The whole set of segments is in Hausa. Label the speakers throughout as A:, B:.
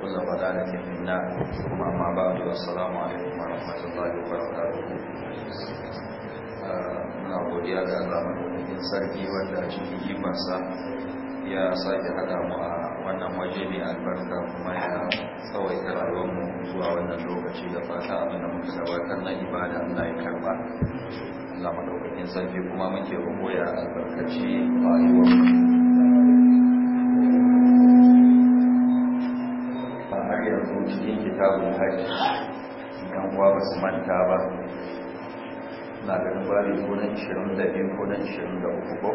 A: وكل ضلالة في النار ثم أما بعد والسلام عليكم ورحمة الله وبركاته muna godiya ga Allah madaukakin sarki wanda a cikin ikonsa ya sake haɗa mu a wannan waje mai albarka kuma ya tsawaita rayuwarmu zuwa wannan lokaci da fata abinda muke gabatar na ibada Allah ya karba Allah madaukakin sarki kuma muke roƙo ya albarkaci rayuwarmu kitabun hajji kan kuwa ba su manta ba na ganin bari da na 22
B: shirin da uku ko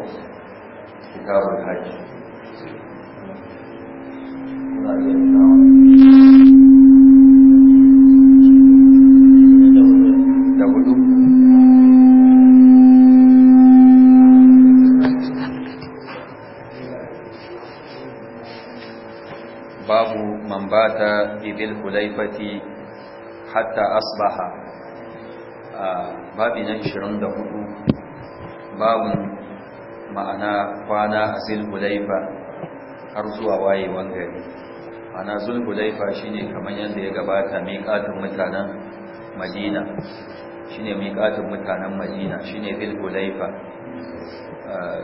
B: kitabun hajji kuna iya
A: babu man bata bidil hulaifati hatta asbaha babi na 24 babu ma'ana kwana a zulhulaifa har zuwa wayewan gari ana zulhulaifa ne kamar yadda ya gabata miƙatin mutanen madina shine miƙatin mutanen madina shine zulhulaifa Eh,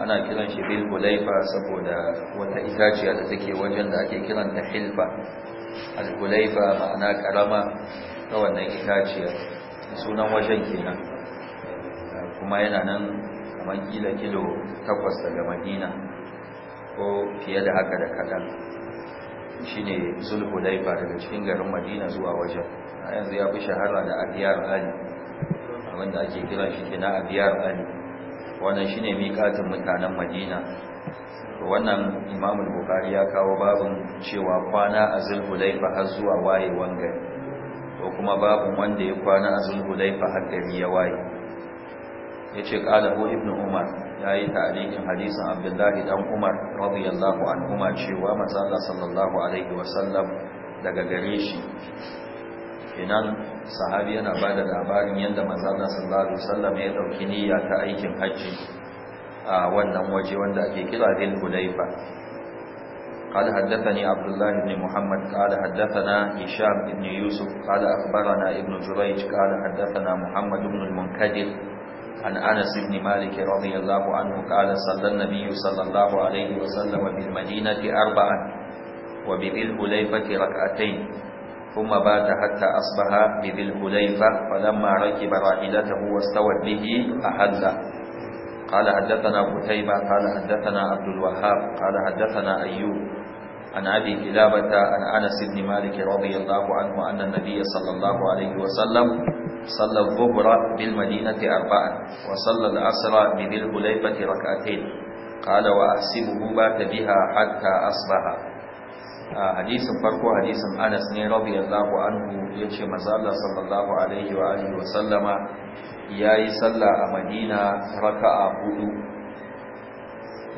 A: ana kiran shi bil hulaifa saboda wata itaciya da take wajen da ake kiran ta hilfa al hulaifa ma'ana karama ta wannan itaciya sunan wajen kenan eh, kuma yana nan kamar kila kilo takwas daga madina ko fiye da haka da kaɗan shine zulhulaifa daga cikin garin madina zuwa wajen yanzu ya fi shahara da abiyar ali abinda ake kiran shi kina abiyar ali wannan shine miƙatin mutanen madina wannan al bukari ya kawo babin cewa kwana a zulhulaifa har zuwa wayewan gari ko kuma babun wanda ya kwana a zulhulaifa har gari ya waye ya ce ƙalahu ibn umar yayi yi tarihin hadisin abdullahi dan umar radiyallahu anhu umar cewa Allah sallallahu alaihi wasallam daga gare shi kenan sahabi yana ba da labarin yadda manzana sallallahu alaihi wasallam ya dauki niyya ta aikin hajji a wannan waje wanda ake kira Dhul Hulaifa قال حدثني عبد الله بن محمد قال حدثنا هشام بن يوسف قال أخبرنا ابن جريج قال حدثنا محمد بن المنكدر عن أنس بن مالك رضي الله عنه قال صلى النبي صلى الله عليه وسلم بالمدينة أربعا وبذي الهليفة ركعتين ثم بات حتى أصبح بذي الحليفة فلما ركب راحلته واستوت به أحلى قال حدثنا قتيبة قال حدثنا عبد الوهاب قال حدثنا أيوب عن أبي كلابة عن أنس بن مالك رضي الله عنه أن النبي صلى الله عليه وسلم صلى الظهر بالمدينة أربعا وصلى العصر بذي الحليفة ركعتين قال وأحسبه بات بها حتى أصبح hadisin farko hadisin Anas ne radiyallahu anhu yace manzo Allah sallallahu alaihi wa alihi wa sallama yayi sallah a Madina raka'a hudu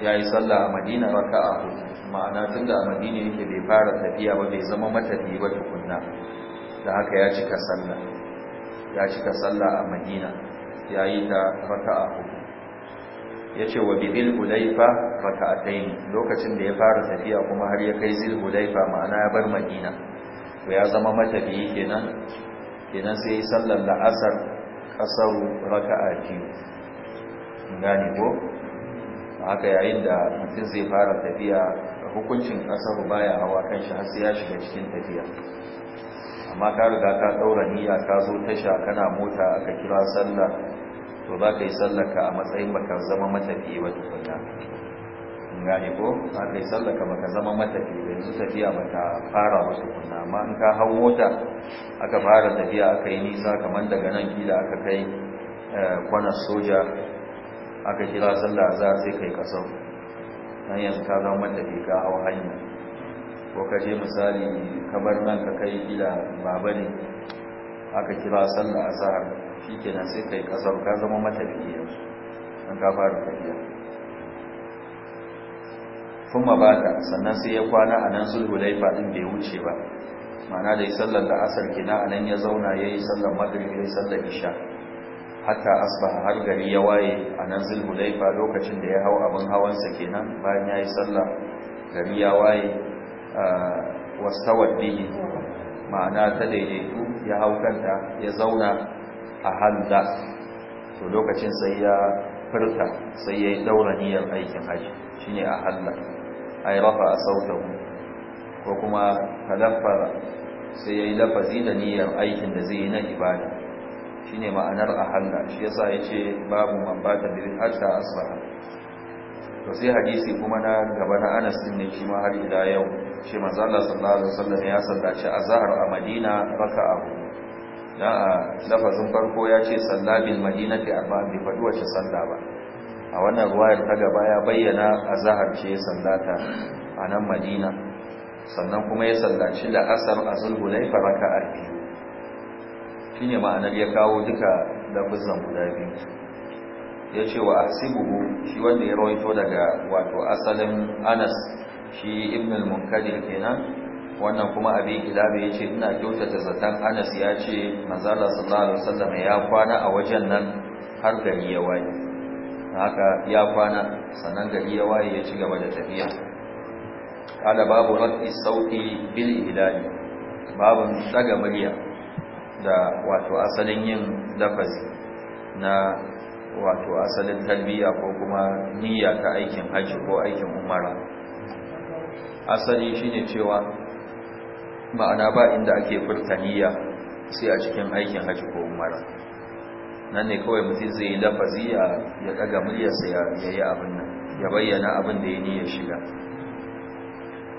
A: yayi sallah a Madina raka'a hudu ma'ana tunda a Madina yake bai fara tafiya ba bai zama matafiya ba tukunna da haka ya cika sallah ya cika sallah a Madina yayi ta raka'a hudu ya ce wa bidil hulaifa ne, lokacin da ya fara tafiya kuma har ya kai zil hulaifa ma'ana ya bar madina to ya zama matafiyi kenan kenan sai yi sallar la'asar kasaru a biyu gane ko haka yayin da mutum zai fara tafiya hukuncin kasaru baya hawa kan shi har sai ya shiga cikin tafiya amma ka riga ka daura niyya ka zo tasha kana mota aka kira sallah to za ka yi sallaka a matsayin baka zama matafi ba tukuna. in gane ko za ka yi sallaka baka zama matafi da yanzu tafiya baka fara ba tukuna. amma in ka hau mota aka fara tafiya aka yi nisa kamar daga nan kila aka kai eh, kwanar soja aka kira sallah za sai kai kaso nan yanzu ka zama matafi ka hau hanya ko ka je misali kabar nan ka kai kila babane aka kira sallah azhar shi kenan sai kai kasar ka zama matafiya an ka fara tafiya kuma ba ta sannan sai ya kwana a nan sulhu laifa din bai wuce ba ma'ana da yi sallar da asar kina a nan ya zauna ya yi sallar magrib ya yi sallar isha hatta asba har gari ya waye a nan sulhu laifa lokacin da ya hau abin hawansa kenan bayan ya yi sallar gari ya waye wasta bihi ma'ana ta daidaitu ya hau kanta ya zauna hada to lokacin sai ya furta sai ya yi daura niyyar aikin haji shine ahalla ay rafa sautahu ko kuma talaffara sai ya yi lafazi da niyyar aikin da zai yi na ibada shine ma'anar hada shi yasa yace babu man bata bil hatta asbaha to sai hadisi kuma na gaba na Anas din ne shi ma har ila yau shi manzo Allah sallallahu alaihi wasallam ya sallaci azhar a Madina raka'a na a lafazin farko ya ce sallabin madinati amma bai faɗi wace salla ba a wannan ruwayar ta gaba ya bayyana a ce ya sallata a nan madina sannan kuma ya sallaci la'asar a zulhulai faraka a biyu shi ne ma'anar ya kawo duka lafizan guda biyu ya ce wa asibuhu shi wanda ya rawaito daga wato asalin anas shi ibn al-munkadir kenan wannan kuma abin kilabe ya ce ina kyautata zaton anas ya ce manzala sallallahu alaihi ya kwana a wajen nan har gari ya waye haka ya kwana sannan gari ya waye ya ci gaba da tafiya kada babu raddi sauki bil hilali babu daga murya da wato asalin yin lafazi na wato asalin talbiya ko kuma niyya ta aikin hajji ko aikin umara asali shine cewa ma'ana ba inda ake furta niyya sai a cikin aikin hajji ko umara nan ne kawai mutum zai yi lafazi ya daga muryarsa ya yi abin nan ya bayyana abin da ya niyyar shiga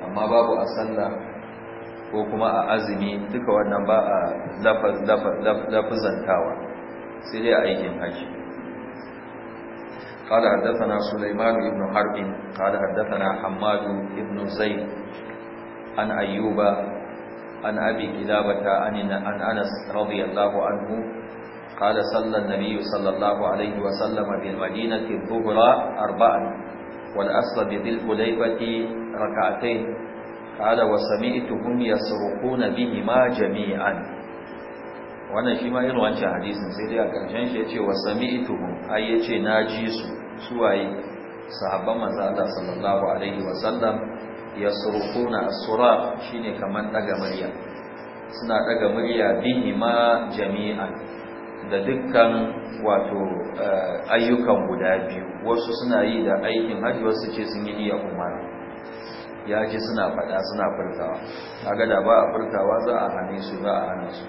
A: amma babu a sallah ko kuma a azumi duka wannan ba a lafazantawa sai dai a aikin haji
B: قال حدثنا سليمان
A: بن حرب قال حدثنا حماد بن زيد عن أيوب عن أبي كلابة عن أنس رضي الله عنه قال صلى النبي صلى الله عليه وسلم بالمدينة الظهر أربعا والأصل بذي الحليبة ركعتين قال وسمعتهم يسرقون بهما جميعا wannan shi ma irin wancan hadisin sai dai a ƙarshen shi ya ce wa sami'tuhum ai ya ce na ji su suwaye sahabban manzo sallallahu alaihi yasrukuna shine kaman daga murya suna daga murya bihima jami'an da dukkan wato eh, ayyukan guda biyu wasu suna yi da aikin haji wasu ce sun yi niyyar umara ya ji suna faɗa suna furtawa kaga da ba a furtawa za a hane su za a hana su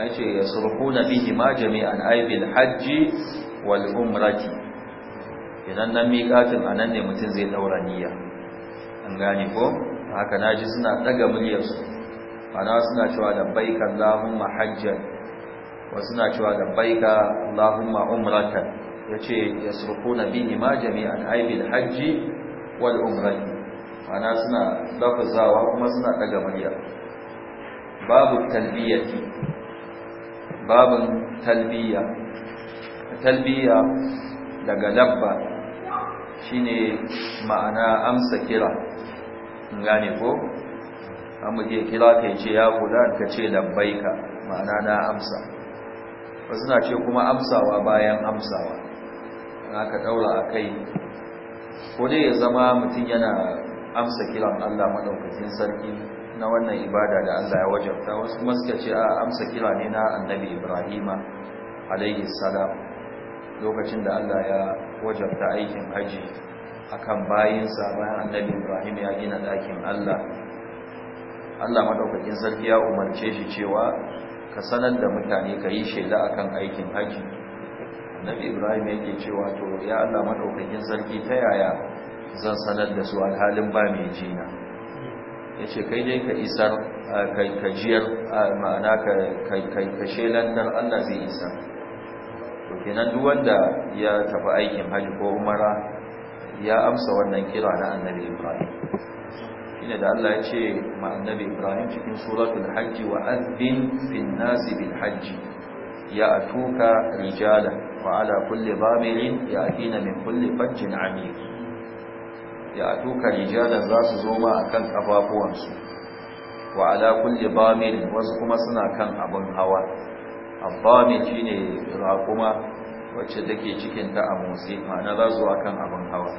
A: an ce yasrukuna bihima jami'an ay bil hajji wal umrati idan nan miƙatin anan ne mutum zai daura niyya an gane ko haka naji suna daga muryarsu ana suna cewa labbaika allahumma hajjan wasu suna cewa labbaika allahumma umratan yace yasrukuna bihi ma jami'an aibil hajji wal umrati ana suna lafazawa kuma suna daga murya babu talbiyati babun talbiya talbiya daga labba shine ma'ana amsa kira in gane ko an muke kira ka ce ya fulan ka ce labbaika ma'ana na amsa ba suna ce kuma amsawa bayan amsawa Na ka daura a kai ko dai ya zama mutum yana amsa kiran Allah maɗaukacin sarki na wannan ibada da Allah ya wajabta wasu kuma ce a amsa kira ne na annabi Ibrahima alaihi salam lokacin da Allah ya wajabta aikin haji akan bayinsa bayan annabi Ibrahim ya gina ɗakin Allah Allah madaukakin sarki ya umarce shi cewa ka sanar da mutane ka yi shaida akan aikin haji annabi Ibrahim ya yake cewa to ya Allah madaukakin sarki ta yaya zan sanar da su alhalin ba mai jina yace kai dai ka isar kai kajiyar ma'ana ka kai ka shelantar Allah zai isa. to kenan duk wanda ya tafi aikin haji ko umara ya amsa wannan kira na annabi ibrahim shine da Allah ya ce ma annabi ibrahim cikin suratul hajji wa azbin fil nas bil hajj ya atuka rijala wa ala kulli bamirin ya atina min kulli fajjin amir ya atuka rijala za su zo ma akan kafafuwansu wa ala kulli bamirin wasu kuma suna kan abun hawa abami shine raƙuma wacce take cikin ta a motsi ma'ana za zuwa kan abin hawa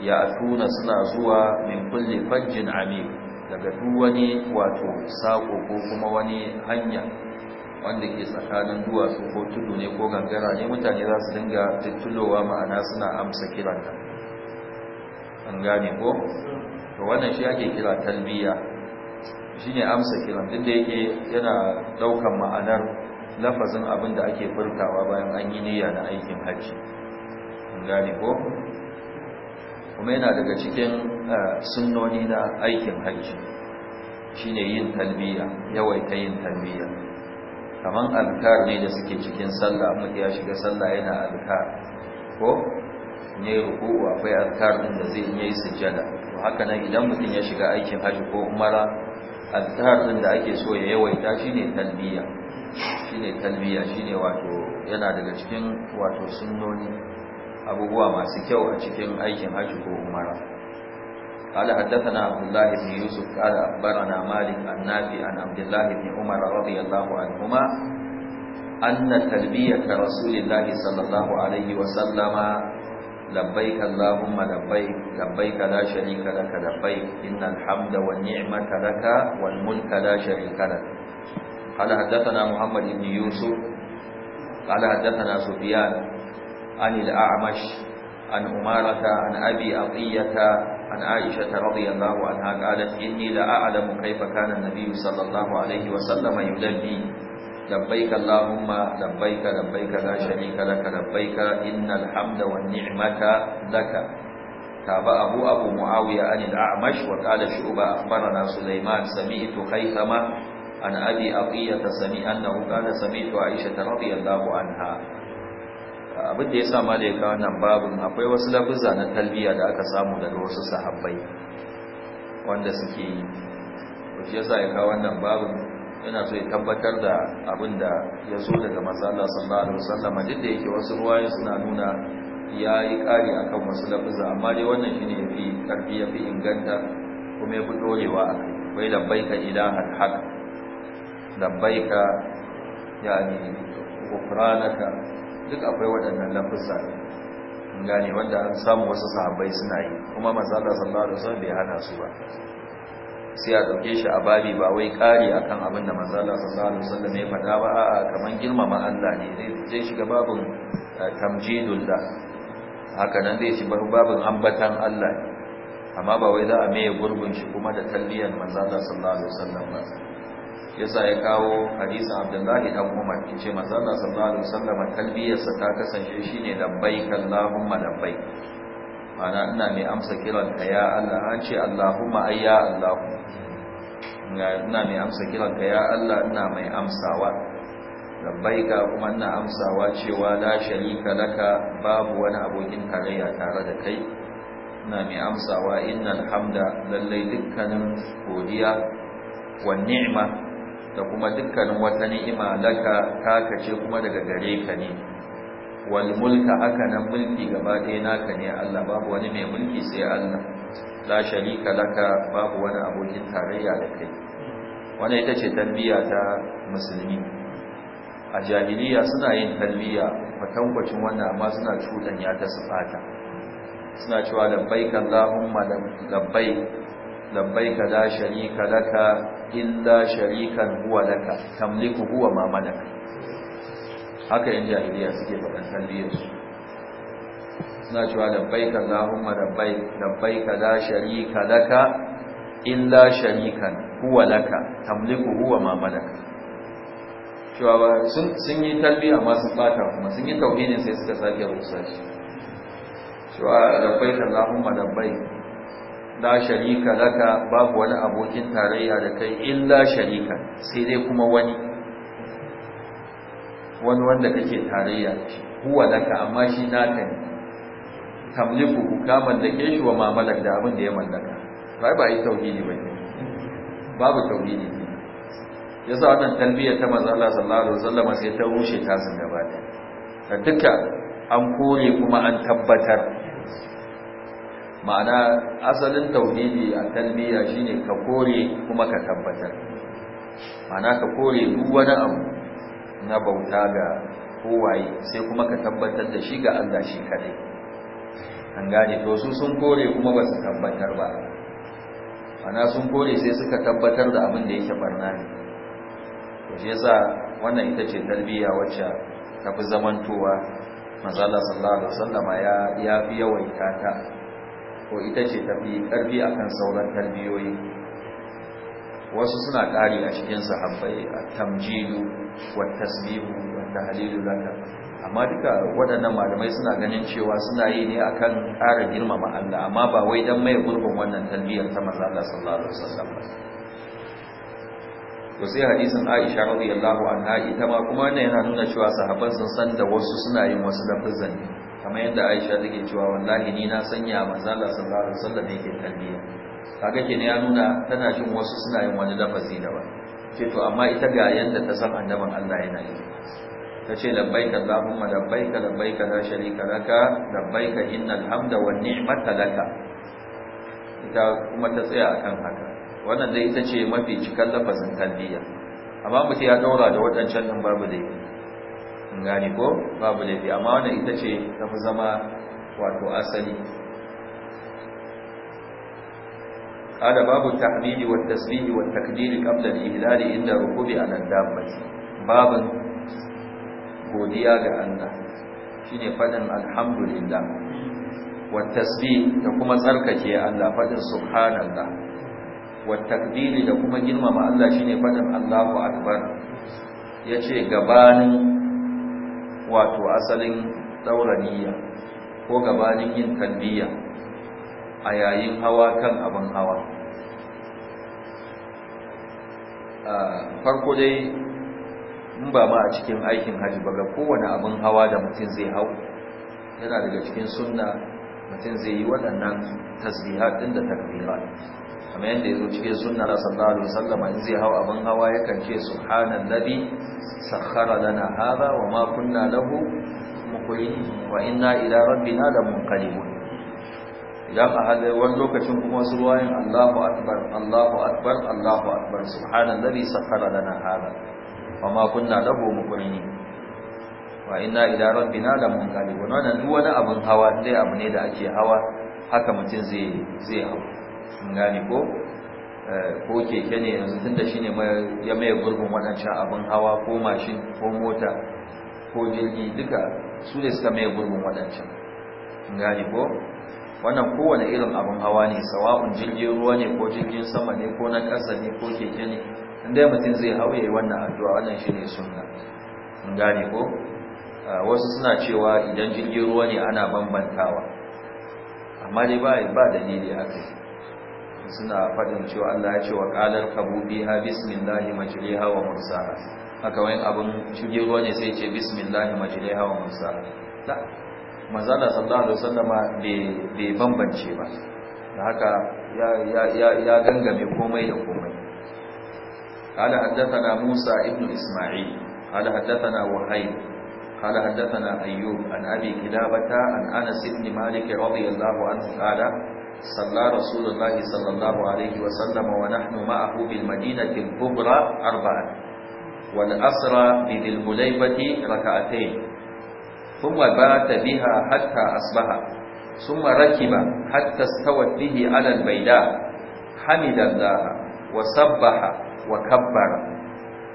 A: ya tuna suna zuwa min kulli fajjin amim daga duk wani wato sako ko kuma wani hanya wanda ke tsakanin duwatsu ko tudu ne ko gangara ne mutane za su dinga tattulowa ma'ana suna amsa kiranta an gane ko to wannan shi ake kira talbiya shine amsa kiran duk da yake yana ɗaukan ma'anar lafazin abin da ake furtawa bayan an yi niyya na aikin hajji gane ko kuma yana daga cikin eh, sunnoni na aikin hajji shine yin talbiya yawaita yin talbiya kaman alkar ne da suke cikin sallah mutum ya shiga sallah yana alkar ko ne ruku'u akwai alkar din da zai yi sujjada to haka nan idan mutum ya shiga aikin hajji ko umara alkar din da ake so ya yawaita shine talbiya shine talbiya shine wato yana daga cikin wato sunnoni abubuwa masu kyau a cikin aikin haji ko umara قال حدثنا عبد الله بن يوسف قال أخبرنا مالك عن نافع عن عبد الله بن عمر رضي الله عنهما أن تلبية رسول الله صلى الله عليه وسلم لبيك اللهم لبيك لبيك لا شريك لك لبيك إن الحمد والنعمة لك والملك لا شريك لك قال حدثنا محمد بن يوسف قال حدثنا سفيان عن الأعمش عن أمارة عن أبي عطية عن عائشة رضي الله عنها قالت إني لأعلم كيف كان النبي صلى الله عليه وسلم يلبي لبيك اللهم لبيك لبيك لا شريك لك لبيك إن الحمد والنعمة لك تابعه أبو معاوية عن الأعمش وقال شعبة أخبرنا سليمان سمعت خيثمة عن أبي أقية سمي أنه قال سميت عائشة رضي الله عنها abin da ya sa ma da ya kawo nan babin akwai wasu labuza na talbiya da aka samu daga wasu sahabbai wanda suke yi wasu ya sa ya kawo wannan babin yana so ya tabbatar da abin da ya so daga matsala sallallahu alaihi wasallam duk da yake wasu ruwaye suna nuna ya yi ƙari kan wasu labuza amma dai wannan shi ne ya fi ƙarfi ya fi inganta kuma ya yafi dorewa akai wai labbaika ilahan haka labbaik yani ghufranaka duk akwai waɗannan lafuzza gane wanda an samu wasu sahabbai suna yi kuma manzo Allah sallallahu alaihi wasallam bai hana su ba sai a dauke shi a babi ba wai kari akan abin da manzo Allah sallallahu alaihi wasallam ya faɗa ba a'a kaman girmama Allah ne zai je shiga babin eh, tamjidul da haka nan zai ci babin ambatan Allah amma ba wai za a mai gurbin shi kuma da talliyan manzo Allah sallallahu alaihi wasallam ba yasa ya kawo hadisin Abdullahi dan Umar yace manzo Allah sallallahu alaihi wasallam talbiyarsa ta kasance shine labbaik Allahumma labbaik ana ina mai amsa kiran ka ya Allah an ce Allahumma ayya Allah ina mai amsa kiran ka ya Allah ina mai amsawa labbaika kuma ina amsawa cewa la sharika laka babu wani abokin tarayya tare da kai ina mai amsawa innal hamda lallai dukkanin godiya wa ni'ma da kuma dukkanin wata ni'ima laka kaka ce kuma daga gare ka ne wal mulka aka nan mulki gaba ɗaya naka ne Allah babu wani mai mulki sai Allah la sharika laka babu wani abokin tarayya da kai wanda ita ce tarbiyya ta musulmi a jahiliya suna yin tarbiyya kwatankwacin wannan amma suna ya ta sifata suna cewa labbaik Allahumma labbaik labbaik la sharika laka illa sharikan huwa laka tamliku huwa ma malaka haka yan jahiliya suke faɗan talbiyar su suna cewa labbaika allahumma labbaik labbaika la sharika laka illa sharikan huwa laka tamliku huwa ma malaka cewa sun sun yi talbiya ma sun fata kuma sun yi tauhidin sai suka sake rusa shi cewa labbaika allahumma labbaik la sharika laka babu wani abokin tarayya da kai illa sharika sai dai kuma wani wani wanda kake tarayya huwa laka amma shi naka ne tamliku ka mallake shi wa mamalar da abin da ya mallaka bai ba yi tauhidi ba babu tauhidi yasa wannan talbiyar ta manzo Allah sallallahu alaihi wasallam sai ta rushe ta sun gaba da dukkan an kore kuma an tabbatar ma'ana asalin tauhidi a talbiya shine ka kore kuma ka tabbatar ma'ana ka kore duk wani abu na bauta ga kowaye sai kuma ka tabbatar da shi ga Allah shi kadai an gane to su sun kore kuma ba su tabbatar ba ma'ana sun kore sai suka tabbatar da abin da yake barna ne to shi yasa wannan ita ce talbiya wacce ta fi zamantowa manzo Allah sallallahu alaihi wasallama ya ya fi yawaita ta ko ita ce tafi karfi akan sauran tarbiyoyi wasu suna ƙari a cikin sahabbai a tamjidu wa tasbihu wa tahlilu laka amma duka waɗannan malamai suna ganin cewa suna yi ne akan ƙara girmama Allah amma ba wai dan mai gurbin wannan tarbiyyar ta manzo Allah sallallahu alaihi wasallam ko sai hadisin Aisha radiyallahu anha ita ma kuma ne yana nuna cewa sahabban sun san da wasu suna yin wasu lafazan ne kamar yadda Aisha take cewa wallahi ni na sanya manzo Allah sallallahu alaihi wasallam yake kalliya kaga ne ya nuna tana jin wasu suna yin wani lafazi daban ce to amma ita ga yanda ta san annaban Allah yana yi tace labbaika allahumma labbaika labbaika la sharika laka labbaika innal hamda wan ni'mata laka ita kuma ta tsaya akan haka wannan dai ita ce mafi cikan lafazin kalliya amma ya daura da waɗancan din babu dai gane ko babu laifi amma wannan ita ce ta fi zama wato asali wa tasbihi, wa والتسبيح والتكبير قبل الإهلال عند ركوب على الدابة باب godiya ga Allah shine fadin alhamdulillah wa tasbihi, da kuma tsarkake Allah fadin subhanallah wa takbir da kuma girmama Allah shine fadin Allahu akbar yace gabanin wato asalin ɗauraniya ko gabanin yin talbiya a yayin hawa kan abin hawa farko dai in ba ma a cikin aikin hajji ba ga kowane abin hawa da mutum zai hau yana daga cikin sunna mutum zai yi waɗannan tasbihat ɗin da takbirat kamar yadda yazo cikin sunnar sallallahu alaihi wasallam in zai hawa abin hawa yakan ce subhanallazi sakhkhara lana hadha wa ma kunna lahu muqrinin wa inna ila rabbina lamunqalibun idan a halin wani lokacin kuma su ruwayin Allahu akbar Allahu akbar Allahu akbar subhanallazi sakhkhara lana hadha wa ma kunna lahu muqrinin wa inna ila rabbina lamunqalibun wannan duk wani abin hawa dai abu ne da ake hawa haka mutum zai zai hawa gani ko eh, ko keke ne yanzu shi ne ya maye gurbin waɗancan abin hawa ko mashin ko mota ko jirgi duka su ne suka maye gurbin waɗancan gani ko wannan kowane irin abin hawa ne sawa'un jirgin ruwa ne ko jirgin sama ne ko na ƙasa ne ko keke ne inda mutum zai hau yi wannan addu'a wannan shi ne suna. gani ko eh, wasu suna cewa idan jirgin ruwa ne ana bambantawa amma dai ba dalili a kai suna faɗin cewa Allah ya ce wa qalar qabubiha bismillahi majliha wa mursaha haka wani abin shige ruwa ne sai ce bismillahi majliha wa mursaha da manzala sallallahu alaihi wasallama bai bambance ba da haka ya ya ya gangame komai da komai قال حدثنا موسى ابن اسماعيل قال حدثنا وهيب قال حدثنا ايوب عن ابي كلابه عن انس بن مالك رضي الله عنه قال صلى رسول الله صلى الله عليه وسلم ونحن معه بالمدينة الكبرى أربعا والأسرى بذي الهليبة ركعتين ثم بات بها حتى أصبح ثم ركب حتى استوت به على البيداء حمد الله وسبح وكبر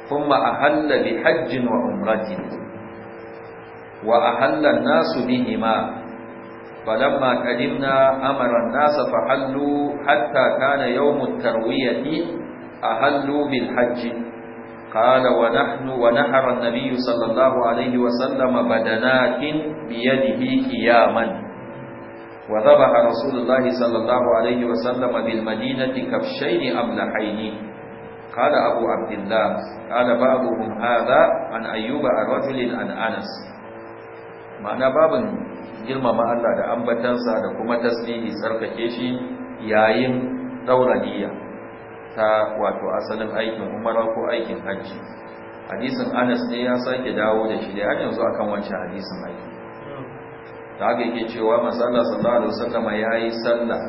A: ثم أهل بحج وعمرة وأهل الناس بهما فلما قدمنا أمر الناس فحلوا حتى كان يوم التروية أحلوا بالحج قال ونحن ونحر النبي صلى الله عليه وسلم بدنات بيده قياما وذبح رسول الله صلى الله عليه وسلم بالمدينة كبشين أملحين قال أبو عبد الله قال بعضهم هذا عن أيوب عن رجل عن أنس معنى باب girmama Allah da ambatansa da kuma tasbihi tsarkake shi yayin daura niyya ta wato asalin aikin umara ko aikin hajji hadisin Anas ne ya sake dawo da shi da har yanzu akan wancan hadisin aiki da ga yake cewa masalla sallallahu alaihi wasallam yayi sallah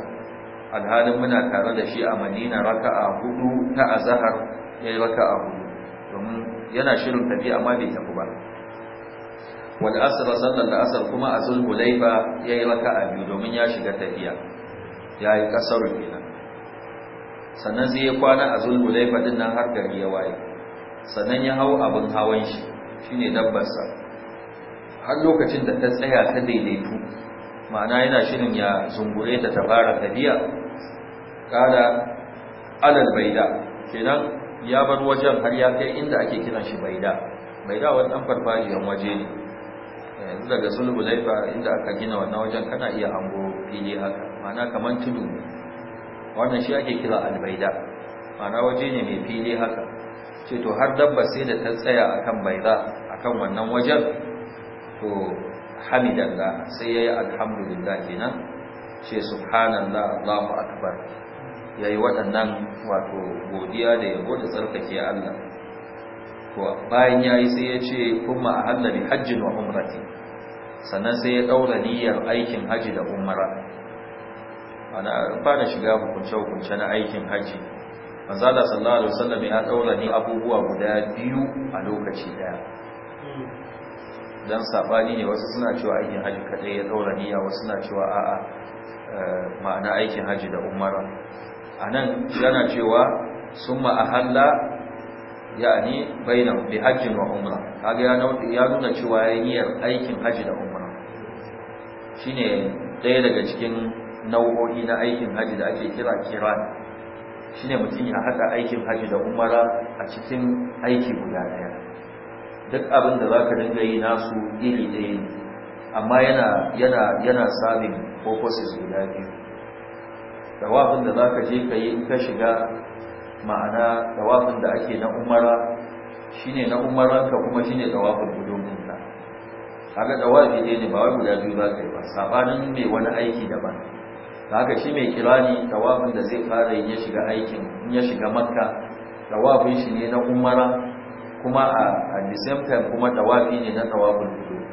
A: alhalin muna tare da shi a Madina raka'a hudu ta azhar yayi raka'a hudu domin yana shirin tafi amma bai tafi ba wal asr sallan da asr kuma a zulhulaifa yayi raka'a biyu domin ya shiga tafiya yayi kasarun kenan sannan zai kwana a zulhulaifa din nan har gari ya waye sannan ya hau abin hawan shi shine dabbar sa har lokacin da ta tsaya ta daidaitu ma'ana yana shirin ya zungure ta ta fara tafiya kada alal baida kenan ya bar wajen har ya kai inda ake kiran shi baida baida wani dan farfajiyan waje ne Eh, yanzu daga sulhu laifa inda aka gina wannan wajen kana iya hango fili haka ma'ana kamar tudu wannan shi ake kira albaida ma'ana waje ne mai fili haka ce to har dabba sai da ta tsaya akan baida akan wannan wajen to da sai ya yi alhamdulillah kenan ce subhanallah Allahu akbar yi waɗannan wato godiya da yabo da tsarkake Allah kuwa bayan yi sai ya ce kuma a hallari hajjin wa umrati sannan sai ya daura niyyar aikin haji da umara ana fara shiga hukunce hukunce na aikin haji manzo sallallahu alaihi wasallam ya daura ni abubuwa guda biyu a lokaci daya dan sabani ne wasu suna cewa aikin haji kadai ya daura niyya wasu suna cewa a'a eh, ma'ana aikin haji da umara anan yana cewa summa ahalla yani bainahu bi hajjin wa umra kaga ya ya nuna cewa ya niyyar aikin haji da umra shine ɗaya daga cikin nau'o'i na aikin haji da ake kira kiran shine mutum ya haɗa aikin haji da umara a cikin aiki guda ɗaya duk abin da zaka dinga yi nasu iri ɗaya ne amma yana yana yana sabin focuses guda biyu da wafin da zaka je ka je in ka shiga ma'ana tawafin da ake na umara shine na umaranka kuma shine tawafin gudunka kaga tawafi ne ne ba wai guda biyu za ka yi ba sabanin mai wani aiki daban da haka shi mai kirani tawafin da zai fara ya shiga aikin in ya shiga makka tawafin shi ne na umara kuma a the same time kuma tawafi ne na tawafin gudun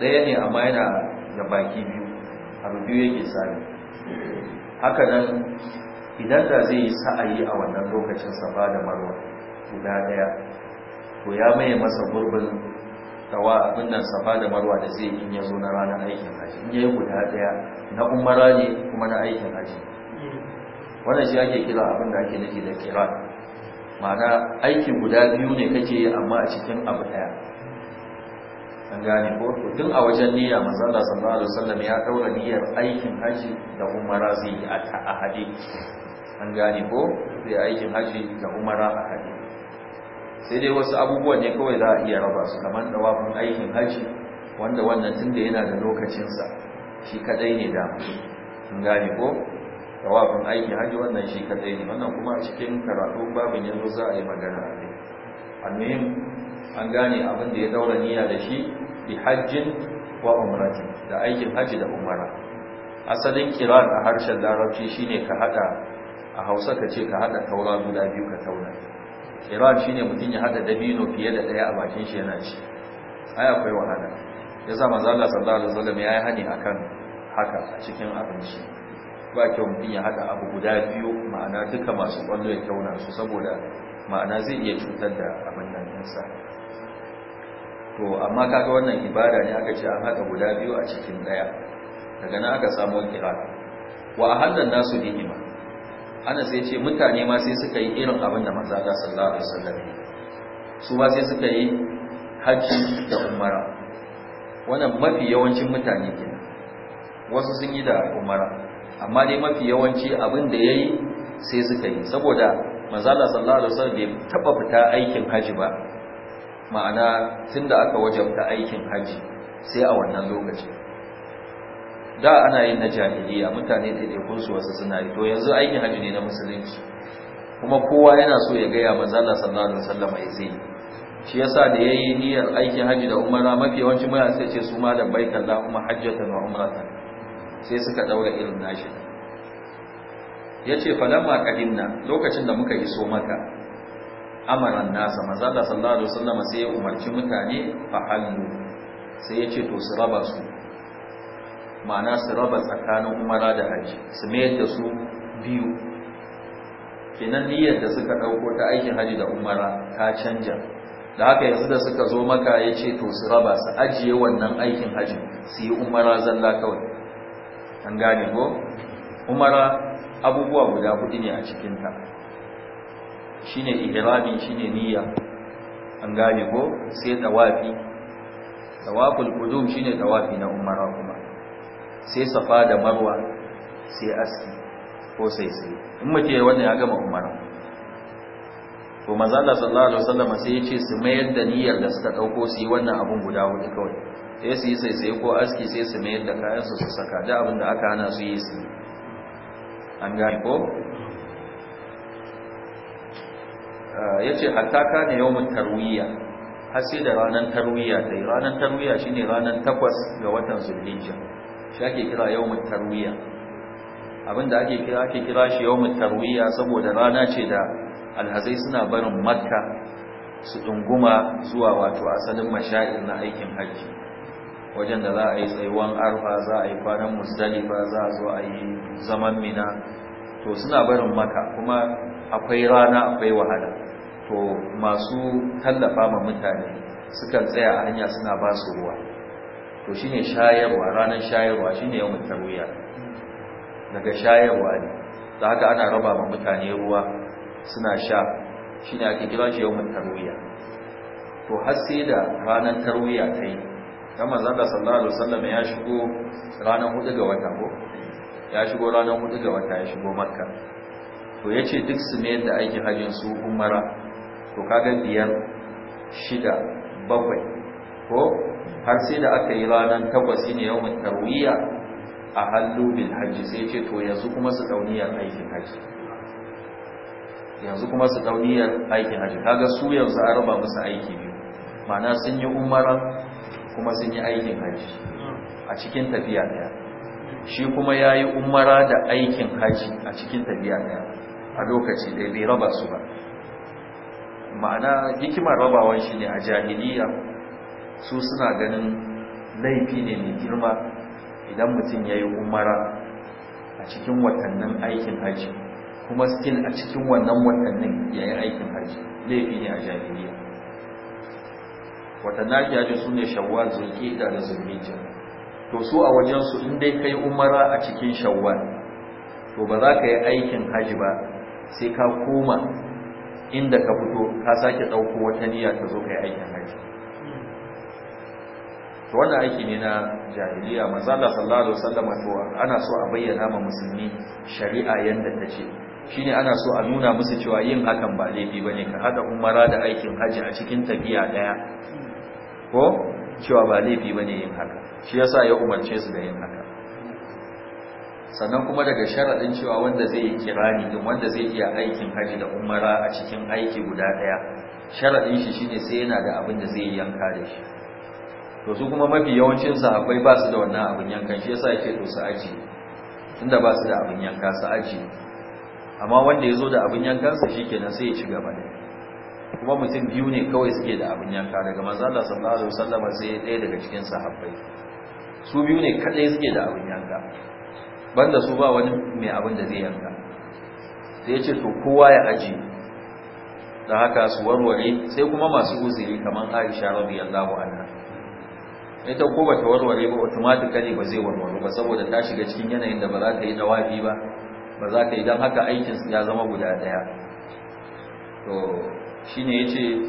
A: ɗaya ne amma yana da baki biyu abu biyu yake sani haka nan idan da zai yi sa'ayi a wannan lokacin safa da marwa guda daya to ya maye masa gurbin tawa abin nan safa da marwa da zai in zo na ranar aikin haji in yayi guda daya na umara ne kuma na aikin haji wannan shi ake kira abin da ake nufi da kira ma'ana aiki guda biyu ne kake yi amma a cikin abu daya an gane ko tun a wajen niyya manzo Allah sallallahu alaihi wasallam ya daura niyyar aikin haji da umara zai yi a hadi an gane ko sai aikin haji da umara a haɗe sai dai wasu abubuwan ne kawai za a iya raba su kamar da wafin aikin haji wanda wannan tun da yana da lokacinsa shi kadai ne da an gane ko wafin aikin haji wannan shi kadai ne wannan kuma a cikin karatu babin yanzu za a yi magana a kai almuhim an gane abin da ya daura niyya da shi bi hajjin wa umrati da aikin haji da umara asalin kiran a harshen larabci shine ka hada a hausa ka ce ka haɗa taura guda biyu ka taura iran shi ne mutum ya haɗa dabino fiye da ɗaya a bakin shi yana ci ai akwai wahala ya sa manzala sallallahu alaihi wasallam ya yi hani akan haka a cikin abinci ba kyau mutum ya haɗa abu guda biyu ma'ana duka masu kwallo ya tauna su saboda ma'ana zai iya cutar da abin nan ɗinsa to amma kaga wannan ibada ne aka ce an haɗa guda biyu a cikin ɗaya daga nan aka samu kira wa ahallan nasu ni'ima ana sai ce mutane ma sai suka yi irin abin da manzo Allah sallallahu alaihi wasallam su ma sai suka yi hajji da umara wannan mafi yawancin mutane kenan wasu sun yi da umara amma dai mafi yawanci abin da yayi sai suka yi saboda maza Allah sallallahu alaihi wasallam bai taba fita aikin haji ba ma'ana tunda aka wajabta aikin haji sai a wannan lokaci da ana yin na jahiliya mutane ɗaiɗaikun su wasu suna yi to yanzu aiki haji ne na musulunci kuma kowa yana so ya gaya manzala sallallahu alaihi wasallam ya zai shi yasa da yayi niyyar aikin hajji da umara mafi yawanci muna sai ce su ma da baitan da kuma hajjatan wa umratan sai suka daura irin nashi yace falamma qadimna lokacin da muka iso maka amaran nasa manzala sallallahu alaihi wasallam sai ya umarci mutane fa hallu sai yace to su raba su ma'ana su raba tsakanin umara da haji su mayar da su biyu kenan niyyar da suka ɗauko ta aikin haji da umara ta canja da haka yanzu da suka zo maka ya ce to su raba su ajiye wannan aikin haji su yi umara zalla kawai an gane ko umara abubuwa guda hudu ne a cikinta shine ihrami shine niyya an gane ko sai tawafi tawaful qudum shine tawafi na umara kuma sai safa da marwa sai aski ko sai sai in mutum wannan ya gama umara to manzo Allah sallallahu alaihi wasallam sai ya ce su mayar da niyyar da suka dauko su yi wannan abun guda hudu kawai sai su yi sai sai ko aski sai su mayar da kayan su su saka da abin da aka hana su yi su an ga ko ah, ya ce hatta ka ne yawon tarwiya har sai da ranar tarwiya ta yi ranar tarwiya shine ranar takwas ga watan zulhijja shi ake kira mai tarwiya abinda ake kira ake kira shi yawmut tarwiya saboda rana ce da alhazai suna barin makka su dunguma zuwa wato asalin mashayin na aikin hajji. wajen da za a yi tsayuwan arfa za a yi kwanan musdalifa za a zo a yi zaman mina to suna barin maka kuma akwai rana akwai wahala to masu tallafa ma mutane sukan tsaya a hanya suna ba su ruwa to shine shayarwa ranar shayarwa shine yawan tarwiya daga shayarwa ne da haka ana raba ma mutane ruwa suna sha shine ake kira shi yawan tarwiya to har sai da ranar tarwiya ta yi ta manzon Allah sallallahu alaihi wasallam ya shigo ranar hudu ga wata ko ya shigo ranar hudu ga wata ya shigo makka to ya ce duk su ne da ake hajjin su umara to kaga biyar shida bakwai ko har sai da aka yi ranar takwas ne yawon tarwiya a hallu bil hajji sai ce to yanzu kuma su dauniyar aikin hajji yanzu kuma su dauniyar aikin hajji kaga su yanzu an raba musu aiki biyu ma'ana sun yi umara kuma sun yi aikin hajji a cikin tafiya daya shi kuma ya yi umara da aikin hajji a cikin tafiya daya a lokaci da bai raba su ba ma'ana hikimar rabawan shi ne a jahiliya su suna ganin laifi ne mai girma idan mutum ya yi umara a cikin watannin aikin hajji kuma skin a cikin wannan watannin ya yi aikin hajji laifi ne a jahiliya watanna ake hajji su ne shawwal zulƙida da zulhijja to su a wajensu in dai kai umara a cikin shawwal to ba za ka yi aikin hajji ba sai ka koma inda ka fito ka sake ɗauko wata niyya ta zo ka yi aikin hajji to wannan aiki ne na jahiliya manzo Allah sallallahu alaihi wasallam to ana so a bayyana ma musulmi shari'a yanda ta ce shine ana so a nuna musu cewa yin hakan ba laifi bane ka hada umara da aikin haji a cikin tafiya daya ko cewa ba laifi bane yin haka shi yasa ya umarce su da yin haka sannan kuma daga sharadin cewa wanda zai yi kirani din wanda zai iya aikin haji da umara a cikin aiki guda daya sharadin shi shine sai yana da abin da zai yanka da shi to su kuma mafi yawancin sahabbai ba su da wannan abin yankan shi yasa yake to su aji tunda ba su da abin yanka su aji amma wanda ya zo da abin yankansa shi kenan sai ya ci gaba da kuma mutum biyu ne kawai suke da abin yanka daga Allah sallallahu alaihi wasallam sai ɗaya daga cikin sahabbai su biyu ne kadai suke da abin yanka banda su ba wani mai abin da zai yanka sai ya ce to kowa ya aji da haka su warware sai kuma masu uzuri kamar Aisha radiyallahu anha ita ko ba ta warware ba automatically ba zai warware ba saboda ta shiga cikin yanayin da ba za ka yi dawafi ba ba za ka yi don haka aikin ya zama guda daya to shine yace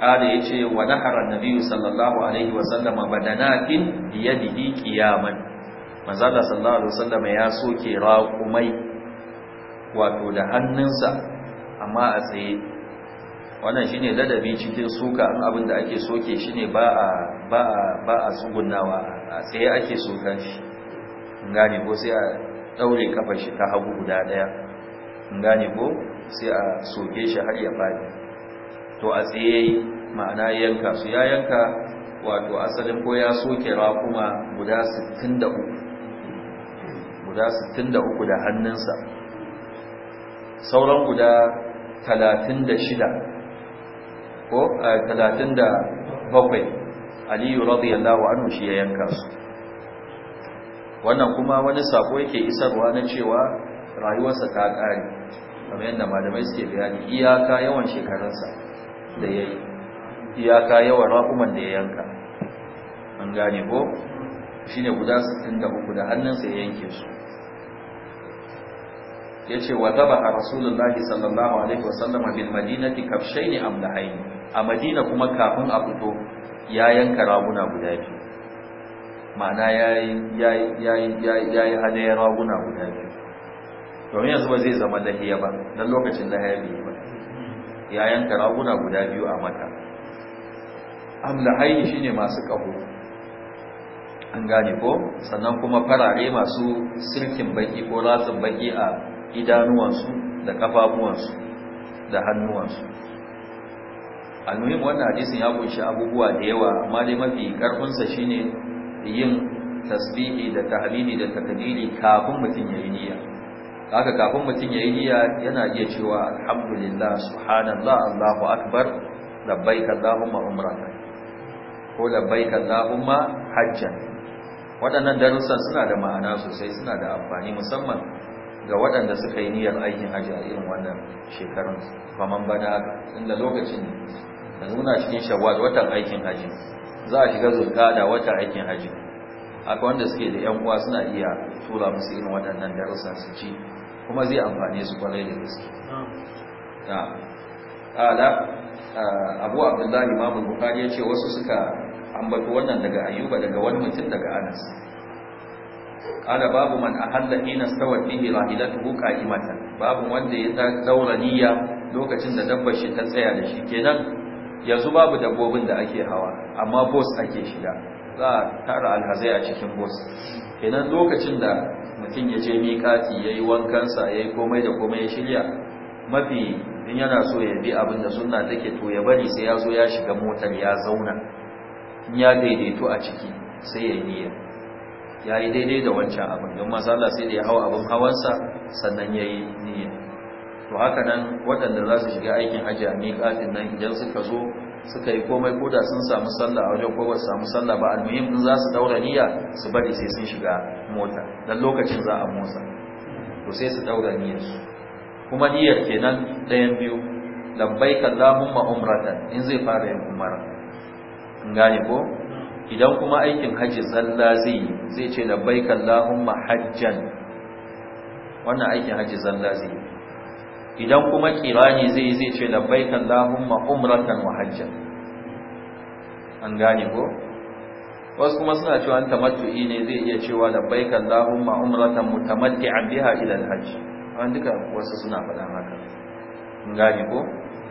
A: kada yace wa nahara annabi sallallahu alaihi wa sallama badanatin da qiyaman manzo sallallahu alaihi wa sallama ya soke raqumai wato da hannunsa amma a tsaye wannan shine ladabi cikin suka abin da ake soke shine ba a ba a ba a tsugunnawa a tsaye ake sokan shi gane ko sai a daure kafar shi ta hagu guda daya gane ko sai a soke shi har ya fadi to a tsaye ma'ana yanka su ya yanka wato asalin ko ya soke ra kuma guda 63 guda 63 da hannunsa sauran guda 36 ko 37 eh, aliyu radiyallahu anhu shi ya yanka su wannan kuma wani sako yake isarwa na cewa rayuwarsa ta kare kamar yadda malamai suke bayani iyaka yawan shekarunsa da yayi iyaka yawan raƙuman da ya yanka an gane ko shine guda 63 da hannunsa ya yanke su yace wa a rasulullahi sallallahu alaihi wasallam bil madinati kafshayn amlahayn a madina kuma kafin a fito ya yanka raguna guda biyu ma'ana yayi yayi yayi yayi ya raguna guda biyu domin yanzu ba zai zama lahiya ba dan lokacin lahiya bai ba ya yanka raguna guda biyu a maka amlahayn shine masu kaho an gane ko sannan kuma farare masu sirkin baki ko ratsin baki a idanuwansu da kafafuwansu da hannuwansu almuhim wannan hadisin ya kunshi abubuwa da yawa amma dai mafi karfinsa shine yin tasbihi da tahmidi da takbiri kafin mutum ya yi niyya kaga kafin mutum ya yi niyya yana iya cewa alhamdulillah subhanallah allahu akbar labbaik allahumma umratan ko labbaik allahumma hajjan waɗannan darussan suna da ma'ana sosai suna da amfani musamman ga waɗanda suka yi niyyar aikin hajji a irin wannan shekarun faman bana inda lokacin da nuna cikin shawwal watan aikin hajji za a shiga zulkada wata aikin hajji haka wanda suke da yan uwa suna iya tura musu irin waɗannan darussa su ci kuma zai amfane su kwarai da gaske ala abu abdullahi imam bukhari ya ce wasu suka ambato wannan daga ayyuba daga wani mutum daga anas قال باب من أحل حين استوت به راحلته قائمة باب wanda ya daura niyya lokacin da dabbar shi ta tsaya da shi kenan yanzu babu dabbobin da ake hawa amma bos ake shiga za a tara alhazai a cikin bos kenan lokacin da mutum ya je miƙati ya yi wankansa ya yi komai da komai ya shirya mafi in yana so ya bi abin da sunna take to ya bari sai ya zo ya shiga motar ya zauna in ya daidaito a ciki sai ya yi niyyar ya yi daidai da wancan abin don Allah sai da ya hau abin hawansa sannan ya yi niyya to haka nan waɗanda za su shiga aikin hajji a miƙatin nan idan suka zo suka yi komai ko da sun samu sallah a wajen kowace samu sallah ba almuhim in za su daura niyya su bari sai sun shiga mota dan lokacin za a motsa to sai su daura niyyar kuma niyyar kenan ɗayan biyu labbaik allahumma umratan in zai fara yin umara in gane ko idan kuma aikin hajji zalla zai zai ce labbaika allahumma hajjan wannan aikin hajji zalla zai idan kuma kirani zai zai ce labbaika allahumma umratan wa hajjan an gane ko wasu kuma suna cewa an tamattu'i ne zai iya cewa labbaika allahumma umratan mutamatti'an biha ila alhajj an duka wasu suna faɗan haka an gane ko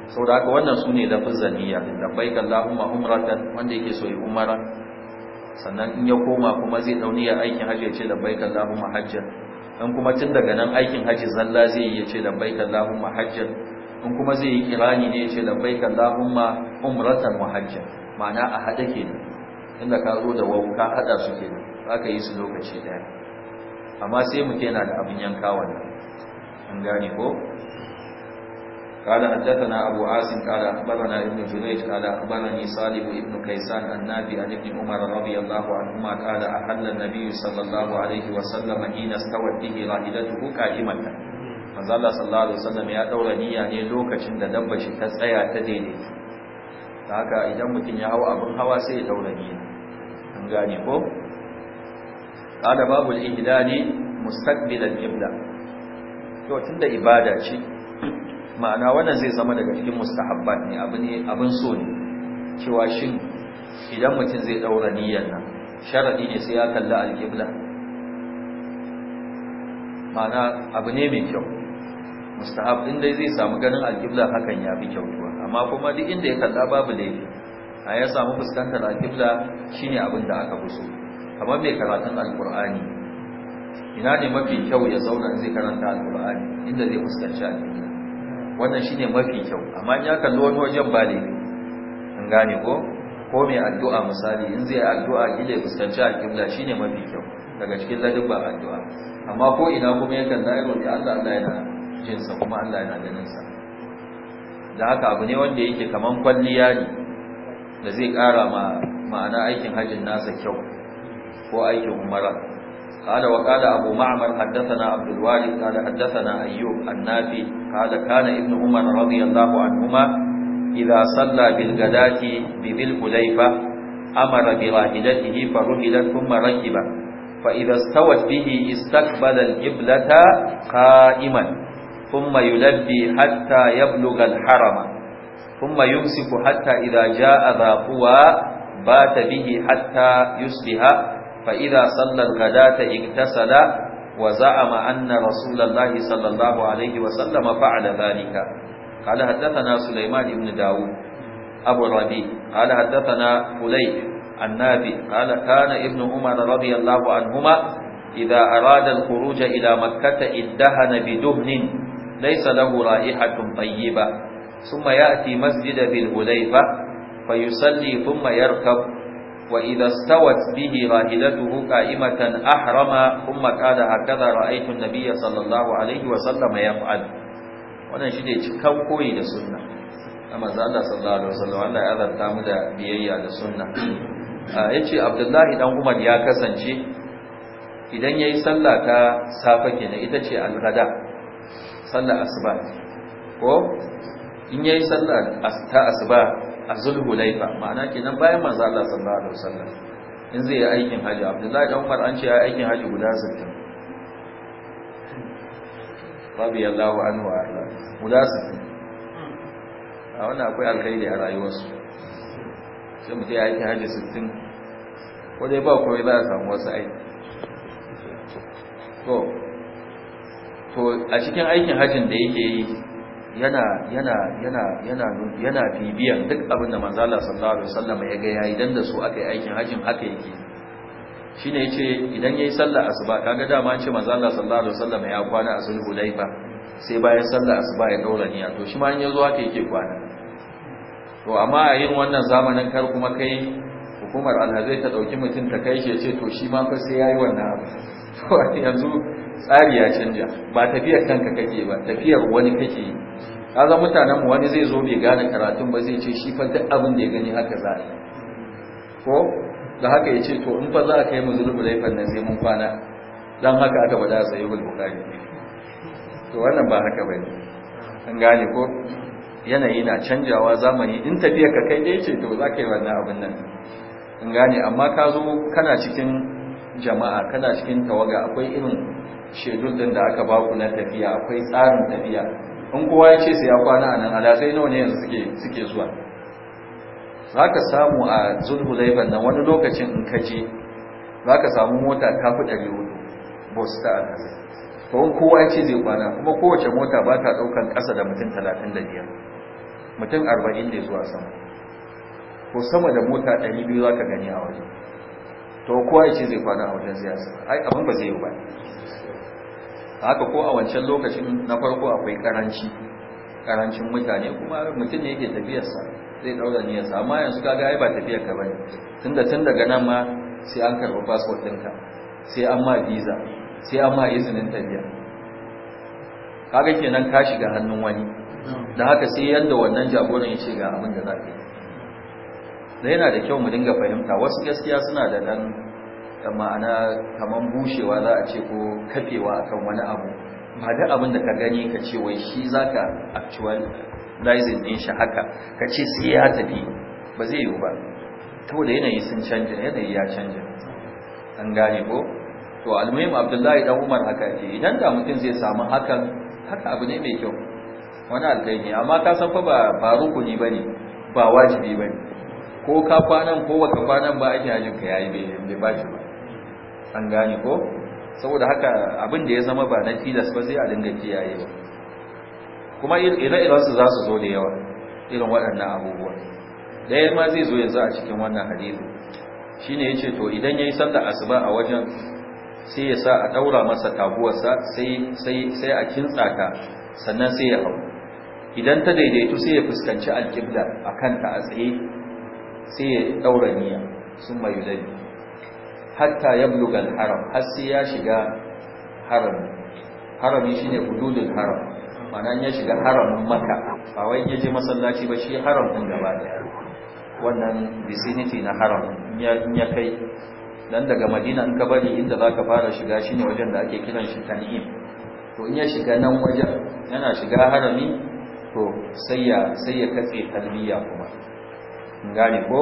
A: saboda haka wannan sune lafazan niyya labbaika allahumma umratan wanda yake so ya umara sannan in ya koma kuma zai dauni ya aikin hajji ya ce labbaika Allahumma hajjan in kuma tun daga nan aikin hajji zalla zai yi ya ce labbaika Allahumma hajjan in kuma zai yi kirani ne ya ce labbaika Allahumma umratan wa hajjan ma'ana a hada kenan inda ka zo da wau ka hada su kenan aka yi su lokaci daya amma sai mu kena da abin yanka ne an gane ko قال حدثنا أبو عاصم قال أخبرنا ابن جريج قال أخبرني صالح ابن كيسان النافي عن ابن عمر رضي الله عنهما قال أحل النبي صلى الله عليه وسلم حين استوت به راحلته قائمة manzala sallallahu alaihi wasallam ya daura niyya ne lokacin da dabbar shi ta tsaya ta daidai haka idan mutum ya hau abin hawa sai ya daura niyya an gane ko qala babu gida ne, mustaqbil al-qibla ibada ce ma'ana wannan zai zama daga cikin mustahabbat ne abu ne abin so ne cewa shin idan mutum zai daura niyyar nan sharadi ne sai ya kalla al al-qibla ma'ana abu ne mai kyau mustahab din dai zai samu ganin al al-qibla hakan ya fi kyau amma kuma duk inda ya kalla babu laifi a ya samu fuskantar al al-qibla shine abin da aka fi so kamar mai karatun al al-qur'ani ina ne mafi kyau ya zauna zai karanta al al-qur'ani inda zai fuskanci al-qibla wannan shine mafi kyau amma in ya kalli wani wajen ba ne in gane ko ko mai addu'a misali in zai addu'a gida ya fuskanci kibla shine mafi kyau daga cikin ba addu'a amma ko ina kuma ya kalla irin da Allah Allah yana jin sa kuma Allah yana ganin sa da haka abu ne wanda yake kaman kwalliya ne da zai ƙara ma ma'ana aikin hajjin nasa kyau ko aikin umara قال وقال أبو معمر حدثنا عبد الوارث قال حدثنا أيوب النافي قال كان ابن عمر رضي الله عنهما إذا صلى بالغداة بذي الحليفة أمر براحلته فرحلت ثم ركب فإذا استوت به استقبل القبلة قائما ثم يلبي حتى يبلغ الحرم ثم يمسك حتى إذا جاء ذا قوى بات به حتى يصبح فإذا صلى الغداة اغتسل وزعم أن رسول الله صلى الله عليه وسلم فعل ذلك قال حدثنا سليمان بن داود أبو الربيع قال حدثنا فليح النابي قال كان ابن عمر رضي الله عنهما إذا أراد الخروج إلى مكة ادهن بدهن ليس له رائحة طيبة ثم يأتي مسجد بالهليفة فيصلي ثم يركب وإذا استوت به راحلته قائمة أحرم ثم قال هكذا رأيت النبي صلى الله عليه وسلم يفعل wannan shi ne cikin koyi da sunna amma za Allah sallallahu alaihi wasallam Allah ya azarta mu da biyayya da sunna ah, yace Abdullahi dan Umar ya kasance idan yayi sallah ta safa kenan ita ce al-ghada sallar asuba ko in yayi sallar ta asuba azul hulaifa ma'ana kenan bayan manzo Allah sallallahu alaihi wasallam in zai yi aikin haji abdullahi dan umar an ce ya aikin haji guda 60 radiyallahu anhu wa arda guda 60 a wannan akwai alkhairi a rayuwarsu sai mu ya aikin haji 60 ko dai ba kowai za a samu wasu aiki to to a cikin aikin hajin da yake yi yana yana yana yana yana bibiyan duk abin da manzo Allah sallallahu alaihi wasallam ya ga yayi dan da su aka yi aikin hajin haka yake shine yace idan yayi sallar asuba kaga dama an ce manzo Allah sallallahu alaihi wasallam ya kwana a sulhu laifa sai bayan sallar asuba ya daura niyya to shi ma an yazo haka yake kwana to amma a yin wannan zamanin kar kuma kai hukumar alhazai ta dauki mutum ta kai shi ce to shi ma fa sai yayi wannan abu to yanzu tsari ya canja ba tafiyar kanka kake ba tafiyar wani kake yi kaza mutanen mu wani zai zo bai gane karatun ba zai ce shi fa duk abin da ya gani haka za a ko da haka ya ce to in fa za a kai mu zulubul laifin nan sai mun kwana don haka aka bada sai yul bukari to wannan ba haka ne. an gane ko yanayi na canjawa zamani in tafiyar ka kai ce to za ka yi wannan abin nan an gane amma ka zo kana cikin jama'a kana cikin tawaga akwai irin shedul din da aka baku na tafiya akwai tsarin tafiya in kowa ya ce sai ya kwana a nan nawa ne yanzu suke suke zuwa za ka samu a zulhulaiban nan wani lokacin in ka je za ka samu mota ta fi ɗari hudu bus ta alasai to in kowa ya ce zai kwana kuma kowace mota ba ta ɗaukan ƙasa da mutum talatin da biyar mutum arba'in ne zuwa sama ko sama da mota ɗari biyu za ka gani a waje to kowa ya ce zai kwana a wajen siyasa ai abin ba zai yi ba haka ko a wancan lokacin na farko akwai karanci karancin mutane kuma mutum ne yake tafiyarsa zai ɗaura niyyarsa amma yanzu ka gaya ba tafiyar ka bane tunda tun daga nan ma sai an karɓi fasfot ɗinka sai an ma visa sai an ma izinin tafiya kaga kenan ka shiga hannun wani da haka sai yadda wannan jagoran ya ce ga abin da za ka yi da yana da kyau mu dinga fahimta wasu gaskiya suna da dan ma'ana kamar bushewa za a ce ko kafewa akan wani abu ba da abin da ka gani ka ce wai shi za ka actualizing din shi haka ka ce sai ya tafi ba zai yiwu ba da yanayi sun canja yanayi ya canja an gane ko to almuhim abdullahi dan umar haka ce. idan da mutum zai samu hakan haka abu ne mai kyau wani alkai ne amma ka san fa ba ba rukuni bane ba wajibi bane ko ka kwanan ko baka kwanan ba ake hajin ka yayi bai bai ba an gane ko saboda haka abin da ya zama ba na tilas ba zai a dinga kiyaye ba kuma ire-iren za su zo da yawa irin waɗannan abubuwa ɗaya ma zai zo yanzu a cikin wannan hadisi shine yace to idan yayi sallar asuba a wajen sai ya sa a ɗaura masa taguwarsa sai sai sai a kintsa ta sannan sai ya hau idan ta daidaitu sai ya fuskanci alkibda a kanta a tsaye sai ya daura niyya sun mai yudani hatta ya bulugan haram har sai ya shiga harami harami ne hududul haram mana ya shiga haramin maka ba wai ya je masallaci ba shi haram din gaba da wannan vicinity na haram in ya kai dan daga madina in ka bari inda zaka fara shiga shi ne wajen da ake kiran shi tan'im to in ya shiga nan wajen yana shiga harami to sai ya sai ya katse talbiya kuma gane ko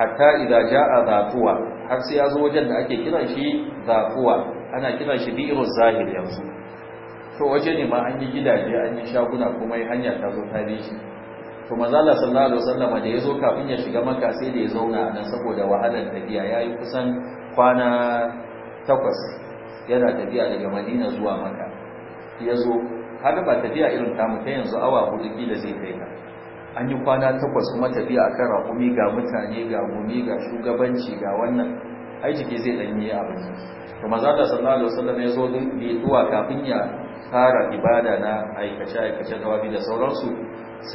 A: hatta idza jaa zatuwa har sai ya zo wajen da ake kiran shi zafuwa ana kiran shi bi'irun zahir yanzu to waje ne ma an yi gidaje an yi shaguna kuma yi hanya ta zo ta shi to manzala sallallahu alaihi wasallam da ya zo kafin ya shiga maka sai da ya zauna nan saboda wahalar tafiya ya kusan kwana takwas yana tafiya daga madina zuwa maka ya zo har ba tafiya irin tamu ta yanzu awa hudu kila zai kai ka an yi kwana takwas kuma tafiya kan raƙumi ga mutane ga gumi ga shugabanci ga wannan aiki jiki zai danye abin to manzo Allah sallallahu wasu wasallam ya zo din zuwa kafin ya fara ibada na aikace aikace tawabi da sauransu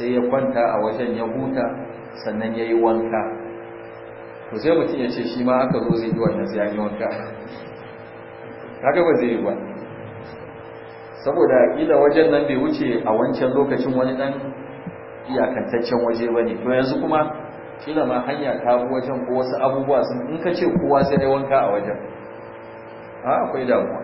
A: sai ya kwanta a wajen ya huta sannan ya yi wanka to sai mutum ya ce shi ma aka zo zai yi wannan sai ya yi wanka kaga ba zai yi ba saboda ƙila wajen nan bai wuce a wancan lokacin wani ɗan. iyakantaccen waje ba ne to yanzu kuma kila ma hanya ta bu wajen ko wasu abubuwa sun in ka ce kowa sai dai wanka a wajen a akwai damuwa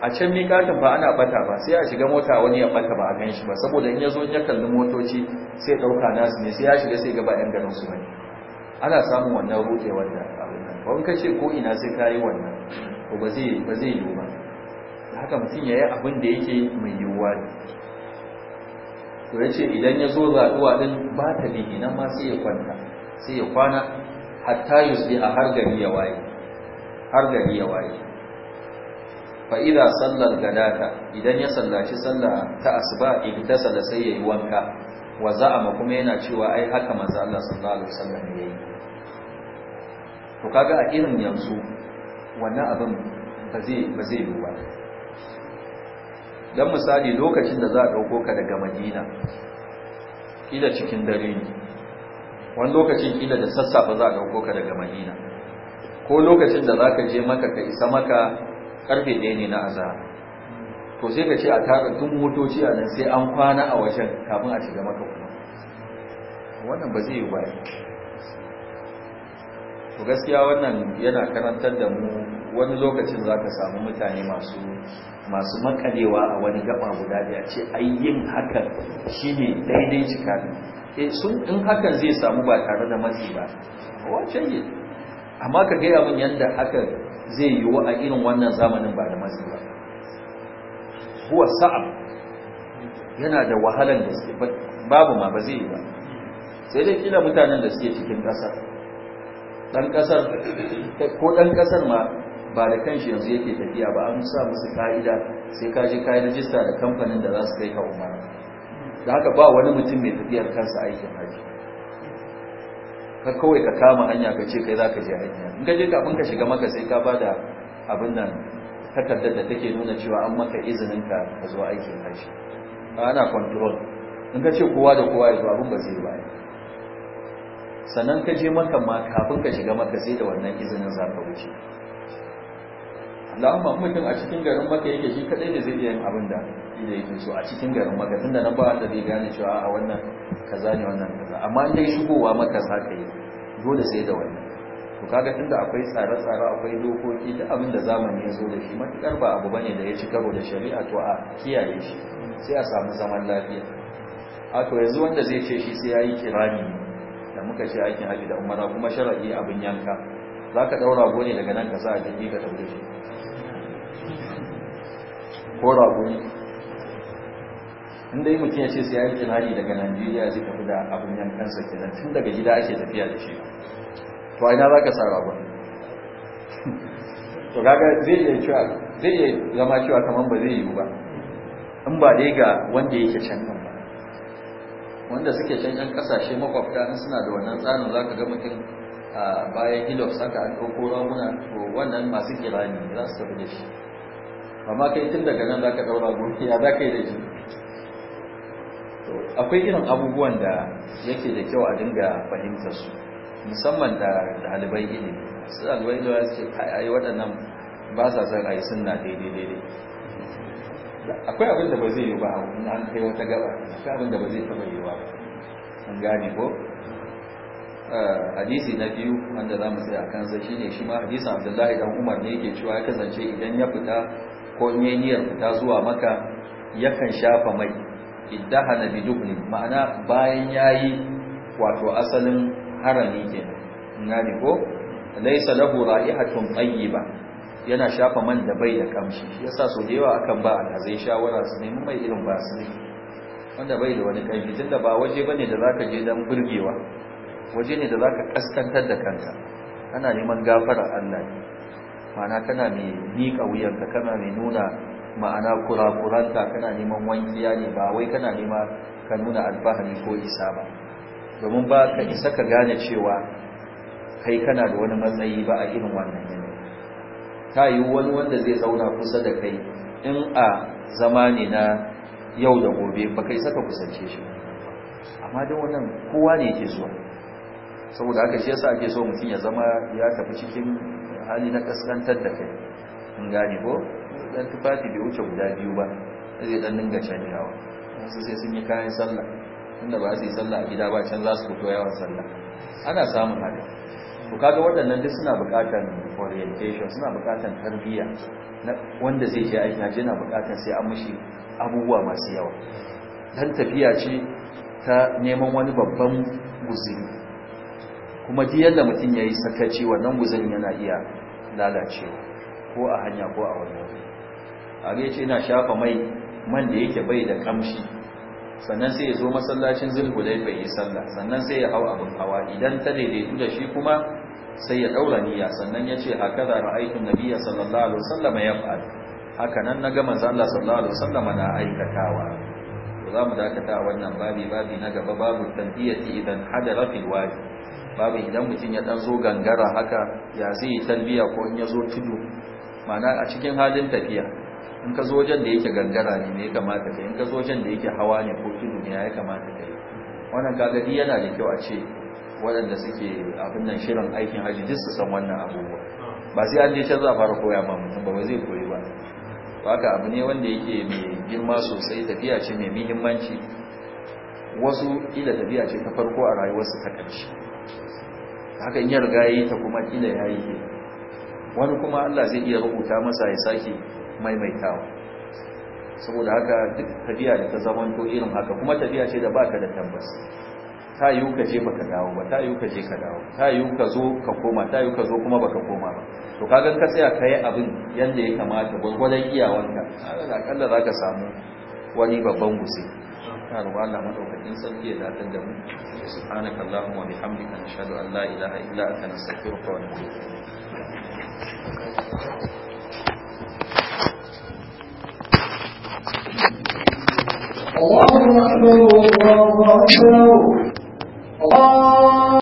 A: a can katin ba ana bata ba sai a shiga mota wani ya bata ba a gan shi ba saboda in ya zo ya kalli motoci sai ɗauka nasu ne sai ya shiga sai gaba 'yan garin su bane ana samun wannan ruɗe wannan abin nan ba in ka ce ko ina sai ka yi wannan to ba zai yiwu ba haka mutum ya yi abin da yake mai yiwuwa ne to ya ce idan ya zo zaɗuwa ɗin ba ta bihi nan ma sai ya kwanta sai ya kwana hatta su a har gari ya waye har gari ya waye fa'ida sallar gadata idan ya sallaci sallar ta asuba ta da sai ya yi wanka wa za ma kuma yana cewa ai haka maza Allah sallallahu sallar wasallam ya yi to kaga a irin yanzu wannan abin ba zai ba don misali lokacin da za a ɗauko ka daga madina ƙila cikin dare ne wani lokacin ƙila da sassafe za a ɗauko ka daga madina ko lokacin da za ka je maka ka isa maka ƙarfe ɗaya ne na azahar to sai ka ce a tara duk motoci a nan sai an kwana a wajen kafin a shiga maka kuma wannan ba zai yi ba gaskiya wannan yana karantar da mu wani lokacin za ka samu mutane masu makarewa a wani gaba guda da ya ce ayyin hakan shi ne daidai eh, cika in hakan zai samu ba tare da matsi ba wancan oh, yi amma ka gaya min yadda hakan zai yiwu a irin wannan zamanin ba da matsi ba Kuwa sa'ab yana da wahalar gaske babu ma ba zai yi ba sai dai kila mutanen da suke cikin ƙasa ɗan ƙasar ko ɗan ƙasar ma ba da kanshi yanzu yake tafiya ba an sa musu ka'ida sai ka je yi rijista da kamfanin da za su kai ka umara da haka ba wani mutum mai tafiyar kansa aikin haji ka kawai ka kama hanya ka ce kai za ka je haji in ka je kafin ka shiga maka sai ka ba da abin nan takardar da take nuna cewa an maka izinin ka ka zo aikin haji ana control in ka ce kowa da kowa ya zo abin ba zai ba sannan ka je maka ma kafin ka shiga maka sai da wannan izinin za ka wuce la'amma mutum a cikin garin maka yake shi kadai da zai iya yin abin da ya yi so a cikin garin maka tun da na ba da zai gane cewa a wannan kaza ne wannan kaza amma in dai shigowa maka za ka yi dole sai da wannan to kaga tunda akwai tsare-tsare akwai dokoki da abin da zamani ya zo da shi matukar ba abu bane da ya ci karo da shari'a to a kiyaye shi sai a samu zaman lafiya a to yanzu wanda zai ce shi sai yayi kirani da muka ce aikin haji da umara kuma sharadi abin yanka zaka daura gone daga nan ka sa a jiki ka tabbata shi ko rago inda yi mutum ya ce sai ya yi daga najeriya zai tafi da abin yankansa kenan tun daga gida ake tafiya da shi to aina za ka sara ragon to gaga zai iya zama cewa kamar ba zai yiwu ba in ba dai ga wanda yake can nan ba wanda suke can yan kasashe makwabta in suna da wannan tsarin za ka ga mutum a bayan hilox haka an ɗauko raguna to wannan masu kirani za su tafi da shi amma kai tun daga nan zaka daura gobe ya zaka yi da shi akwai irin abubuwan da yake da kyau a dinga fahimtar su musamman da dalibai ilimi su dalibai ilimi suke kai waɗannan ba sa san a yi sunna daidai daidai akwai abin da ba zai yi ba in an kai wata gaba akwai abin da ba zai taɓa yi ba an gane ko eh, hadisi na biyu wanda za mu tsaya a kansa shine shi ma hadisin abdullahi dan umar ne yake cewa ya kasance idan ya fita ko in yi niyyar ta zuwa maka yakan shafa mai iddahana bi ne, ma'ana bayan yayi wato asalin harami kenan ne ko laysa lahu ra'ihatun tayyiba yana shafa man da bai da kamshi yasa so da yawa akan ba alhazai shawara su nemi mai irin ba su wanda bai da wani kamshi tunda ba waje bane da zaka je dan burgewa waje ne da zaka kaskantar da kanka ana neman gafara Allah ma'ana kana mai miƙa wuyanka kana mai nuna ma'ana kurakuranta kana neman wankiya ne ba wai kana nema ka nuna alfahari ko isa ba domin ba ka isa ka gane cewa kai kana da wani matsayi ba a irin wannan yanayi ta yi wani wanda zai zauna kusa da kai in a zama ne na yau da gobe ba kai saka kusance shi amma dai wannan kowa ne ke zuwa saboda haka shi yasa ake so mutum ya zama ya tafi cikin hali na kaskantar da kai in gane ko dan tufafi bai wuce guda biyu ba zai dan dinga canjawa wasu sai sun yi kayan sallah inda ba su yi sallah a gida ba can za su fito yawan sallah ana samun haka to kaga waɗannan duk suna buƙatar orientation suna buƙatar tarbiyya wanda zai je aikin hajji yana buƙatar sai an mishi abubuwa masu yawa dan tafiya ce ta neman wani babban guzuri kuma duk yadda mutum ya yi sakaci wannan guzuri yana iya lalacewa ko a hanya ko a wani waje aga yace ina shafa mai man da yake bai da kamshi sannan sai ya zo masallacin dai bai yi sallah sannan sai ya hau abin hawa idan ta daidaitu da shi kuma sai ya daura niyya sannan ya yace hakaza ra'aytu nabiyya sallallahu alaihi wasallam faɗi. haka nan naga manzo Allah sallallahu alaihi wasallam na aikatawa za mu dakata a wannan babi babi na gaba babu tanbiyati idan hadara fil wajib Babu idan mutum ya dan zo gangara haka ya zai yi talbiya ko in ya zo tudu mana a cikin halin tafiya in ka zo wajen da yake gangara ne ne ya kamata ka yi. in ka zo wajen da yake hawa ne ko tudu ne ya kamata ka yi wannan kagadi yana da kyau a ce waɗanda suke abin nan shirin aikin haji duk su san wannan abubuwa ba sai an je can za a fara koya ma mutum ba ba zai koyi ba haka abu ne wanda yake mai girma sosai tafiya ce mai muhimmanci wasu ila tafiya ce ta farko a rayuwarsu ta ƙarshe haka in ya riga ta kuma kila ya yi ke wani kuma Allah zai iya rubuta masa ya sake maimaitawa saboda haka duk tafiya da ta to irin haka kuma tafiya ce da baka da tabbas ta yiwu ka je baka dawo ba ta yiwu ka je ka dawo ta yiwu ka zo ka koma ta yiwu ka zo kuma baka koma ba to kaga ka tsaya kai abin yadda ya kamata gwargwadon iyawanka ala da za ka samu wani babban gusi muna roƙon Allah madaukakin sarki ya datar da mu subhanaka allahumma wa bihamdika nashhadu an la ilaha illa anta nastaghfiruka wa natubu
B: الله أكبر الله أكبر